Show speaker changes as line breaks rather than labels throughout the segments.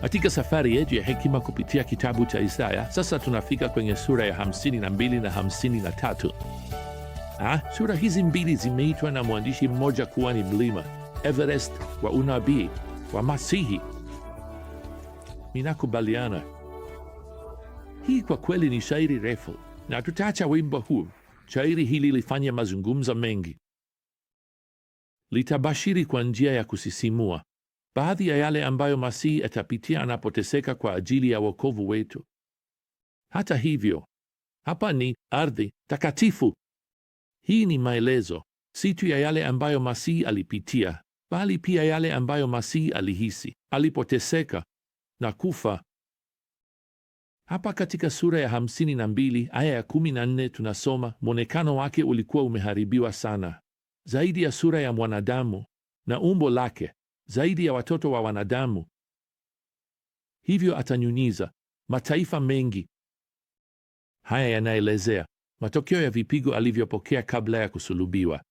Katika safari yetu ya hekima kupitia kitabu cha Isaya, sasa tunafika kwenye sura ya 52 na 53. na na ah, sura hizi mbili zimeitwa na mwandishi mmoja kuwa ni mlima Everest wa unabii wa Masihi. Ninakubaliana, hii kwa kweli ni shairi refu, na tutaacha wimbo huu. Shairi hili lifanya mazungumzo mengi, litabashiri kwa njia ya kusisimua baadhi ya yale ambayo Masihi atapitia anapoteseka kwa ajili ya wokovu wetu. Hata hivyo, hapa ni ardhi takatifu. Hii ni maelezo si tu ya yale ambayo Masihi alipitia, bali pia yale ambayo Masihi alihisi alipoteseka na kufa. Hapa katika sura ya 52 aya ya 14 tunasoma, mwonekano wake ulikuwa umeharibiwa sana zaidi ya sura ya mwanadamu na umbo lake zaidi ya watoto wa wanadamu, hivyo atanyunyiza mataifa mengi. Haya yanaelezea matokeo ya vipigo alivyopokea kabla ya kusulubiwa.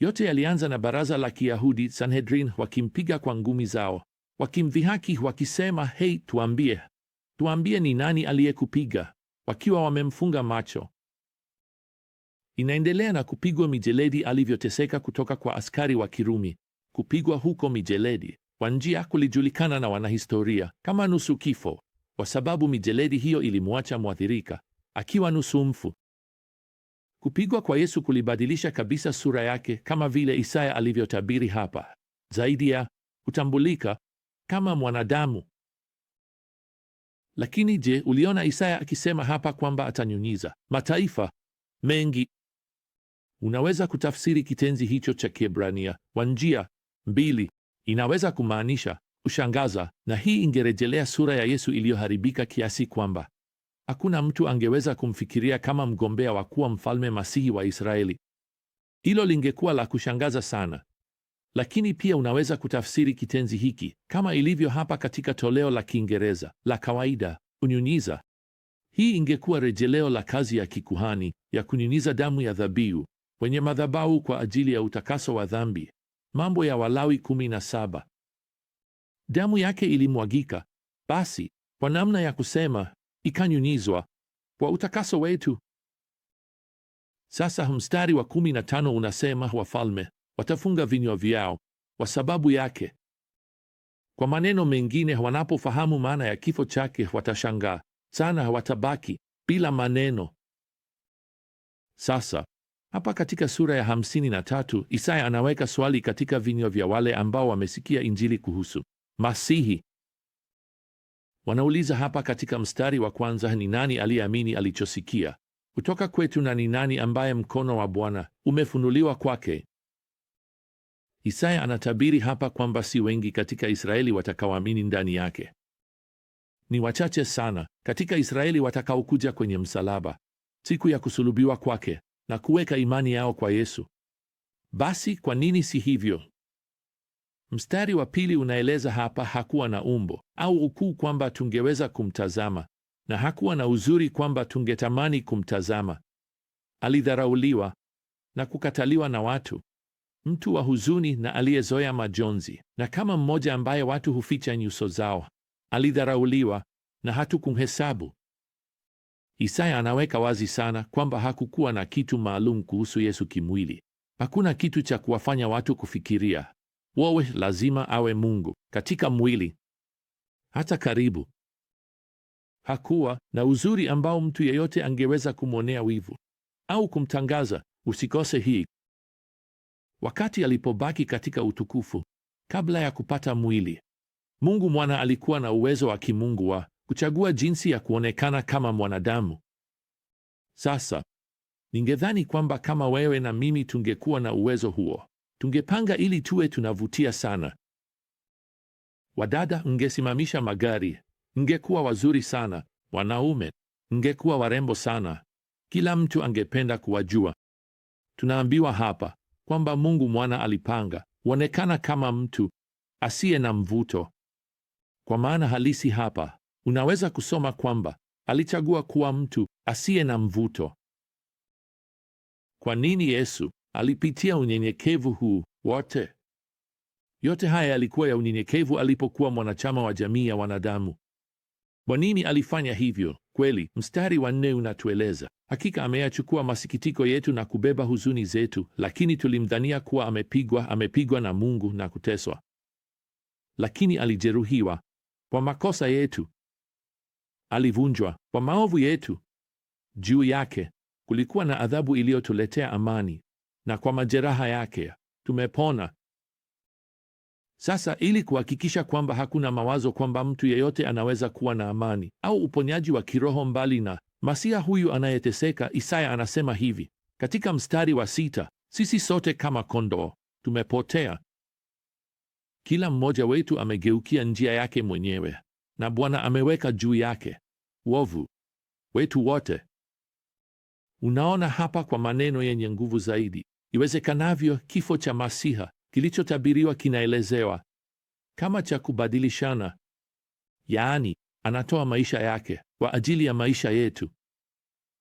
Yote yalianza na baraza la Kiyahudi Sanhedrin wakimpiga kwa ngumi zao, wakimdhihaki, wakisema, hei, tuambie, tuambie ni nani aliyekupiga, wakiwa wamemfunga macho. Inaendelea na kupigwa mijeledi alivyoteseka kutoka kwa askari wa Kirumi kupigwa huko mijeledi kwa njia kulijulikana na wanahistoria kama nusu kifo, kwa sababu mijeledi hiyo ilimwacha mwathirika akiwa nusu mfu. Kupigwa kwa Yesu kulibadilisha kabisa sura yake, kama vile Isaya alivyotabiri hapa, zaidi ya kutambulika kama mwanadamu. Lakini je, uliona Isaya akisema hapa kwamba atanyunyiza mataifa mengi? Unaweza kutafsiri kitenzi hicho cha Kiebrania kwa njia mbili inaweza kumaanisha kushangaza, na hii ingerejelea sura ya Yesu iliyoharibika kiasi kwamba hakuna mtu angeweza kumfikiria kama mgombea wa kuwa mfalme masihi wa Israeli. Hilo lingekuwa la kushangaza sana. Lakini pia unaweza kutafsiri kitenzi hiki kama ilivyo hapa katika toleo la Kiingereza la kawaida, unyunyiza. Hii ingekuwa rejeleo la kazi ya kikuhani ya kunyunyiza damu ya dhabihu kwenye madhabahu kwa ajili ya utakaso wa dhambi Mambo ya Walawi 17. Damu yake ilimwagika, basi kwa namna ya kusema ikanyunyizwa kwa utakaso wetu. Sasa mstari wa 15 unasema, wafalme watafunga vinywa vyao kwa sababu yake. Kwa maneno mengine, wanapofahamu maana ya kifo chake watashangaa sana, watabaki bila maneno. Sasa hapa katika sura ya hamsini na tatu Isaya anaweka swali katika vinywa vya wale ambao wamesikia injili kuhusu Masihi. Wanauliza hapa katika mstari wa kwanza, ni nani aliyeamini alichosikia kutoka kwetu na ni nani ambaye mkono wa Bwana umefunuliwa kwake? Isaya anatabiri hapa kwamba si wengi katika Israeli watakaoamini ndani yake. Ni wachache sana katika Israeli watakaokuja kwenye msalaba siku ya kusulubiwa kwake na kuweka imani yao kwa Yesu. Basi kwa nini si hivyo? Mstari wa pili unaeleza hapa hakuwa na umbo au ukuu kwamba tungeweza kumtazama, na hakuwa na uzuri kwamba tungetamani kumtazama. Alidharauliwa na kukataliwa na watu, mtu wa huzuni na aliyezoea majonzi, na kama mmoja ambaye watu huficha nyuso zao. Alidharauliwa na hatukumhesabu. Isaya anaweka wazi sana kwamba hakukuwa na kitu maalum kuhusu Yesu kimwili. Hakuna kitu cha kuwafanya watu kufikiria wowe lazima awe Mungu katika mwili, hata karibu hakuwa na uzuri ambao mtu yeyote angeweza kumwonea wivu au kumtangaza usikose hii. Wakati alipobaki katika utukufu kabla ya kupata mwili, Mungu mwana alikuwa na uwezo wa kimungu wa kuchagua jinsi ya kuonekana kama mwanadamu. Sasa ningedhani kwamba kama wewe na mimi tungekuwa na uwezo huo, tungepanga ili tuwe tunavutia sana. Wadada, ungesimamisha magari, ngekuwa wazuri sana. Wanaume, ngekuwa warembo sana. Kila mtu angependa kuwajua. Tunaambiwa hapa kwamba Mungu mwana alipanga uonekana kama mtu asiye na mvuto kwa maana halisi hapa unaweza kusoma kwamba alichagua kuwa mtu asiye na mvuto. Kwa nini Yesu alipitia unyenyekevu huu wote? Yote haya yalikuwa ya unyenyekevu alipokuwa mwanachama wa jamii ya wanadamu. Kwa nini alifanya hivyo? Kweli, mstari wa nne unatueleza hakika ameyachukua masikitiko yetu na kubeba huzuni zetu, lakini tulimdhania kuwa amepigwa, amepigwa na Mungu na kuteswa, lakini alijeruhiwa kwa makosa yetu alivunjwa kwa maovu yetu. Juu yake kulikuwa na adhabu iliyotuletea amani, na kwa majeraha yake tumepona. Sasa, ili kuhakikisha kwamba hakuna mawazo kwamba mtu yeyote anaweza kuwa na amani au uponyaji wa kiroho mbali na Masiha huyu anayeteseka, Isaya anasema hivi katika mstari wa sita, sisi sote kama kondoo tumepotea, kila mmoja wetu amegeukia njia yake mwenyewe na Bwana ameweka juu yake wovu wetu wote. Unaona hapa kwa maneno yenye nguvu zaidi iwezekanavyo, kifo cha Masiha kilichotabiriwa kinaelezewa kama cha kubadilishana, yaani anatoa maisha yake kwa ajili ya maisha yetu.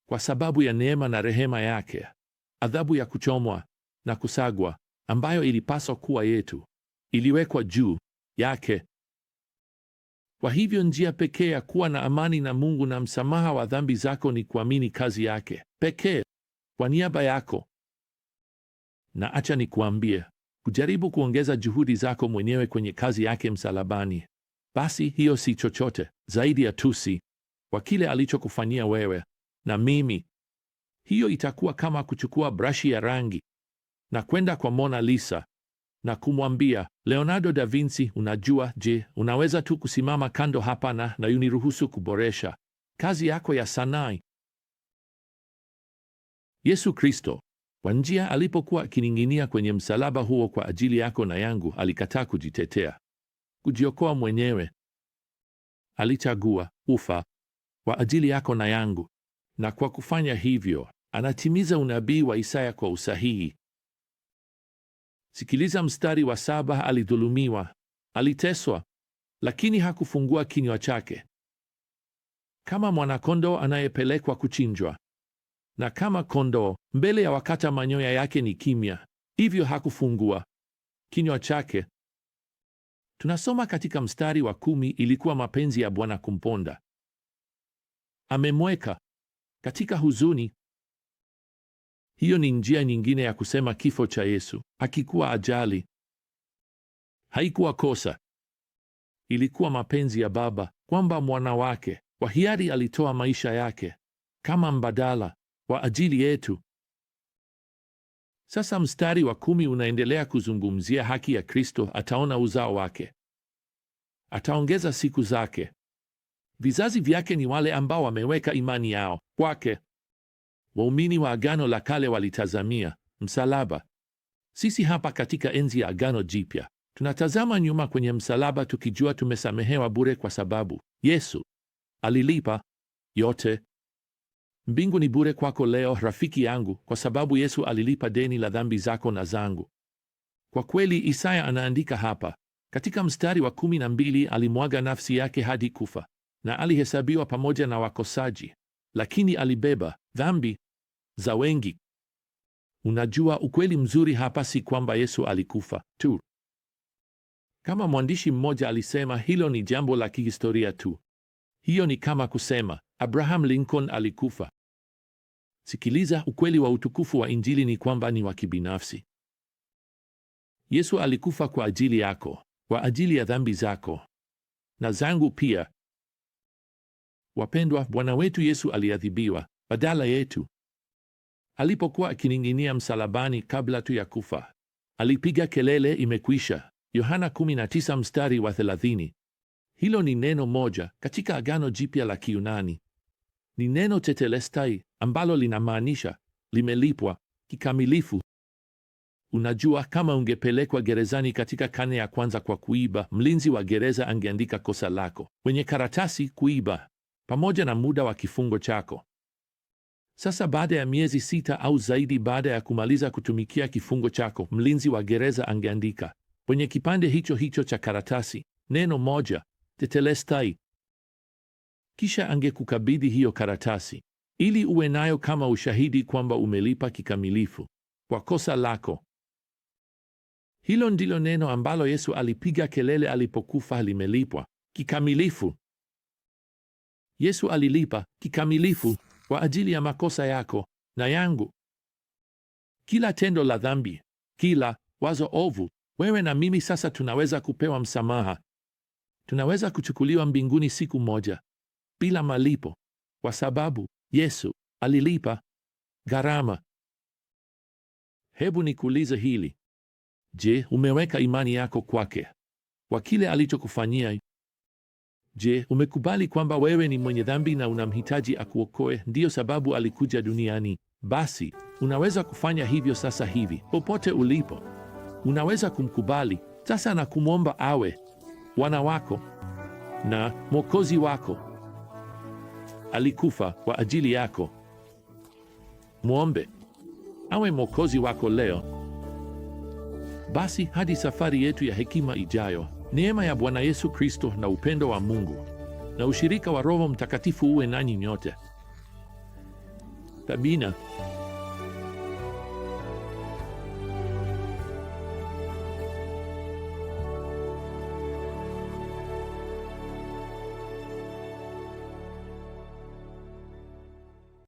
Kwa sababu ya neema na rehema yake, adhabu ya kuchomwa na kusagwa ambayo ilipaswa kuwa yetu iliwekwa juu yake kwa hivyo njia pekee ya kuwa na amani na Mungu na msamaha wa dhambi zako ni kuamini kazi yake pekee kwa niaba yako. Na acha nikuambie, kujaribu kuongeza juhudi zako mwenyewe kwenye kazi yake msalabani, basi hiyo si chochote zaidi ya tusi kwa kile alichokufanyia wewe na mimi. Hiyo itakuwa kama kuchukua brashi ya rangi na kwenda kwa Mona Lisa na kumwambia Leonardo da Vinci, unajua, je, unaweza tu kusimama kando hapa na na uniruhusu kuboresha kazi yako ya sanaa? Yesu Kristo kwa njia alipokuwa akining'inia kwenye msalaba huo kwa ajili yako na yangu, alikataa kujitetea, kujiokoa mwenyewe. Alichagua ufa kwa ajili yako na yangu, na kwa kufanya hivyo anatimiza unabii wa Isaya kwa usahihi. Sikiliza mstari wa saba: alidhulumiwa, aliteswa, lakini hakufungua kinywa chake, kama mwanakondoo anayepelekwa kuchinjwa, na kama kondoo mbele ya wakata manyoya yake ni kimya, hivyo hakufungua kinywa chake. Tunasoma katika mstari wa kumi, ilikuwa mapenzi ya Bwana kumponda, amemweka katika huzuni hiyo ni njia nyingine ya kusema kifo cha Yesu hakikuwa ajali, haikuwa kosa, ilikuwa mapenzi ya Baba kwamba mwana wake kwa hiari alitoa maisha yake kama mbadala kwa ajili yetu. Sasa mstari wa kumi unaendelea kuzungumzia haki ya Kristo. Ataona uzao wake, ataongeza siku zake. Vizazi vyake ni wale ambao wameweka imani yao kwake. Waumini wa Agano la Kale walitazamia msalaba. Sisi hapa katika enzi ya Agano Jipya tunatazama nyuma kwenye msalaba tukijua tumesamehewa bure kwa sababu Yesu alilipa yote. Mbingu ni bure kwako leo, rafiki yangu, kwa sababu Yesu alilipa deni la dhambi zako na zangu. Kwa kweli, Isaya anaandika hapa katika mstari wa kumi na mbili, alimwaga nafsi yake hadi kufa na alihesabiwa pamoja na wakosaji, lakini alibeba dhambi za wengi. Unajua, ukweli mzuri hapa si kwamba Yesu alikufa tu. Kama mwandishi mmoja alisema, hilo ni jambo la kihistoria tu. Hiyo ni kama kusema Abraham Lincoln alikufa. Sikiliza, ukweli wa utukufu wa Injili ni kwamba ni wa kibinafsi. Yesu alikufa kwa ajili yako, kwa ajili ya dhambi zako na zangu pia. Wapendwa, Bwana wetu Yesu aliadhibiwa badala yetu. Alipokuwa akining'inia msalabani kabla tu ya kufa, alipiga kelele, imekwisha. Yohana 19 mstari wa 30. Hilo ni neno moja katika Agano Jipya la Kiyunani. Ni neno tetelestai ambalo linamaanisha limelipwa kikamilifu. Unajua, kama ungepelekwa gerezani katika kane ya kwanza kwa kuiba, mlinzi wa gereza angeandika kosa lako kwenye karatasi kuiba pamoja na muda wa kifungo chako. Sasa baada ya miezi sita au zaidi baada ya kumaliza kutumikia kifungo chako, mlinzi wa gereza angeandika kwenye kipande hicho hicho cha karatasi neno moja tetelestai, kisha angekukabidhi hiyo karatasi ili uwe nayo kama ushahidi kwamba umelipa kikamilifu kwa kosa lako. Hilo ndilo neno ambalo Yesu alipiga kelele alipokufa, limelipwa kikamilifu. Yesu alilipa kikamilifu kwa ajili ya makosa yako na yangu. Kila tendo la dhambi, kila wazo ovu, wewe na mimi sasa tunaweza kupewa msamaha. Tunaweza kuchukuliwa mbinguni siku moja bila malipo, kwa sababu Yesu alilipa gharama. Hebu nikuulize hili: je, umeweka imani yako kwake, kwa kile alichokufanyia? Je, umekubali kwamba wewe ni mwenye dhambi na unamhitaji akuokoe? Ndiyo sababu alikuja duniani. Basi unaweza kufanya hivyo sasa hivi, popote ulipo. Unaweza kumkubali sasa na kumwomba awe Bwana wako na Mwokozi wako. Alikufa kwa ajili yako. Mwombe awe Mwokozi wako leo. Basi hadi safari yetu ya hekima ijayo. Neema ya Bwana Yesu Kristo na upendo wa Mungu na ushirika wa Roho Mtakatifu uwe nanyi nyote. Sabina.